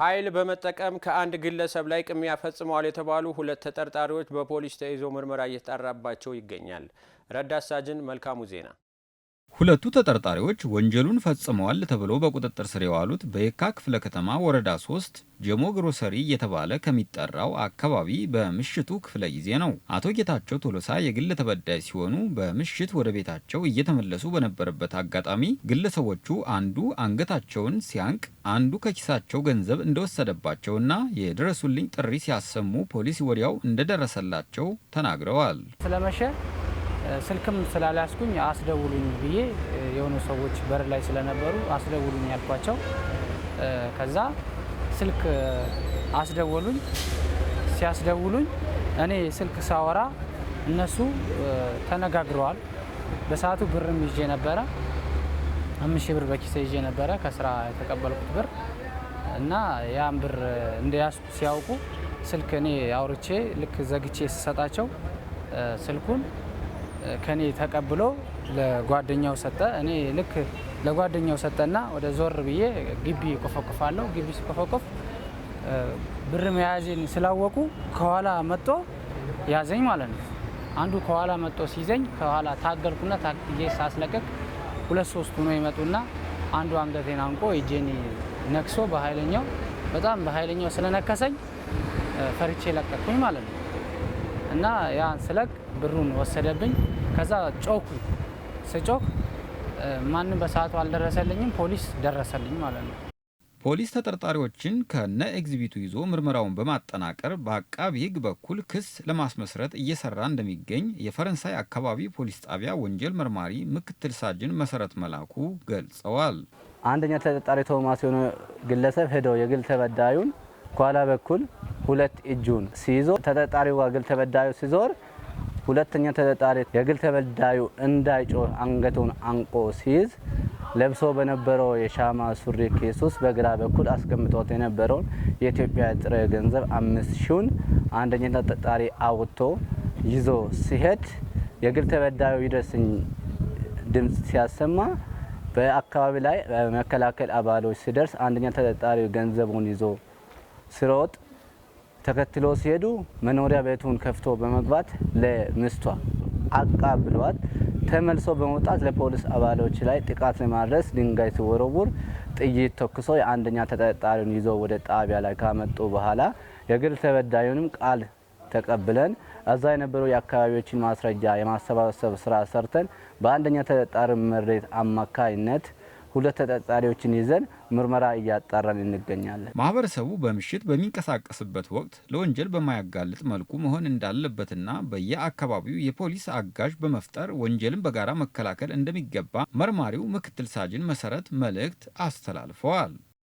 ኃይል በመጠቀም ከአንድ ግለሰብ ላይ ቅሚያ ፈጽመዋል የተባሉ ሁለት ተጠርጣሪዎች በፖሊስ ተይዞ ምርመራ እየተጣራባቸው ይገኛል። ረዳት ሳጅን መልካሙ ዜና ሁለቱ ተጠርጣሪዎች ወንጀሉን ፈጽመዋል ተብሎ በቁጥጥር ስር የዋሉት በየካ ክፍለ ከተማ ወረዳ 3 ጀሞ ግሮሰሪ እየተባለ ከሚጠራው አካባቢ በምሽቱ ክፍለ ጊዜ ነው። አቶ ጌታቸው ቶሎሳ የግል ተበዳይ ሲሆኑ በምሽት ወደ ቤታቸው እየተመለሱ በነበረበት አጋጣሚ ግለሰቦቹ አንዱ አንገታቸውን ሲያንቅ፣ አንዱ ከኪሳቸው ገንዘብ እንደወሰደባቸውና የድረሱልኝ ጥሪ ሲያሰሙ ፖሊስ ወዲያው እንደደረሰላቸው ተናግረዋል። ስለመሸ ስልክም ስላልያዝኩኝ አስደውሉኝ ብዬ የሆኑ ሰዎች በር ላይ ስለነበሩ አስደውሉኝ ያልኳቸው፣ ከዛ ስልክ አስደወሉኝ። ሲያስደውሉኝ እኔ ስልክ ሳወራ እነሱ ተነጋግረዋል። በሰዓቱ ብርም ይዤ ነበረ፣ አምስት ሺህ ብር በኪሴ ይዤ ነበረ ከስራ የተቀበልኩት ብር እና ያን ብር እንደያዝኩ ሲያውቁ ስልክ እኔ አውርቼ ልክ ዘግቼ ስሰጣቸው ስልኩን ከኔ ተቀብሎ ለጓደኛው ሰጠ። እኔ ልክ ለጓደኛው ሰጠና ወደ ዞር ብዬ ግቢ ቆፈቆፋለሁ። ግቢ ሲቆፈቆፍ ብር መያዜን ስላወቁ ከኋላ መጦ ያዘኝ ማለት ነው። አንዱ ከኋላ መጦ ሲይዘኝ ከኋላ ታገልኩና ታክዬ ሳስለቀቅ ሁለት ሶስት ሆኖ ይመጡና አንዱ አንገቴን አንቆ እጄን ነክሶ በኃይለኛው በጣም በኃይለኛው ስለነከሰኝ ፈርቼ ለቀቅኩኝ ማለት ነው። እና ያን ስለቅ ብሩን ወሰደብኝ። ከዛ ጮኩ። ስጮክ ማንም በሰዓቱ አልደረሰልኝም። ፖሊስ ደረሰልኝ ማለት ነው። ፖሊስ ተጠርጣሪዎችን ከነ ኤግዚቢቱ ይዞ ምርመራውን በማጠናቀር በአቃቢ ሕግ በኩል ክስ ለማስመስረት እየሰራ እንደሚገኝ የፈረንሳይ አካባቢ ፖሊስ ጣቢያ ወንጀል መርማሪ ምክትል ሳጅን መሰረት መላኩ ገልጸዋል። አንደኛ ተጠርጣሪ ቶማስ የሆነ ግለሰብ ሄደው የግል ተበዳዩን ከኋላ በኩል ሁለት እጁን ሲይዞ ተጠርጣሪው ግል ተበዳዩ ሲዞር ሁለተኛ ተጠርጣሪ የግል ተበዳዩ እንዳይጮህ አንገቱን አንቆ ሲይዝ ለብሶ በነበረው የሻማ ሱሪ ኬስ ውስጥ በግራ በኩል አስቀምጦት የነበረውን የኢትዮጵያ ጥሬ ገንዘብ አምስት ሺውን አንደኛ ተጠርጣሪ አውጥቶ ይዞ ሲሄድ የግል ተበዳዩ ይደርስኝ ድምፅ ሲያሰማ በአካባቢ ላይ መከላከል አባሎች ሲደርስ አንደኛ ተጠርጣሪ ገንዘቡን ይዞ ስሮጥ ተከትሎ ሲሄዱ መኖሪያ ቤቱን ከፍቶ በመግባት ለምስቷ አቃብሏት ተመልሶ በመውጣት ለፖሊስ አባሎች ላይ ጥቃት ለማድረስ ድንጋይ ሲወረውር ጥይት ተኩሶ የአንደኛ ተጠርጣሪውን ይዞ ወደ ጣቢያ ላይ ካመጡ በኋላ የግል ተበዳዩንም ቃል ተቀብለን እዛ የነበሩ የአካባቢዎችን ማስረጃ የማሰባሰብ ስራ ሰርተን በአንደኛ ተጠርጣሪ መሬት አማካይነት ሁለት ተጠርጣሪዎችን ይዘን ምርመራ እያጣራን እንገኛለን። ማህበረሰቡ በምሽት በሚንቀሳቀስበት ወቅት ለወንጀል በማያጋልጥ መልኩ መሆን እንዳለበትና በየአካባቢው የፖሊስ አጋዥ በመፍጠር ወንጀልን በጋራ መከላከል እንደሚገባ መርማሪው ምክትል ሳጅን መሰረት መልእክት አስተላልፈዋል።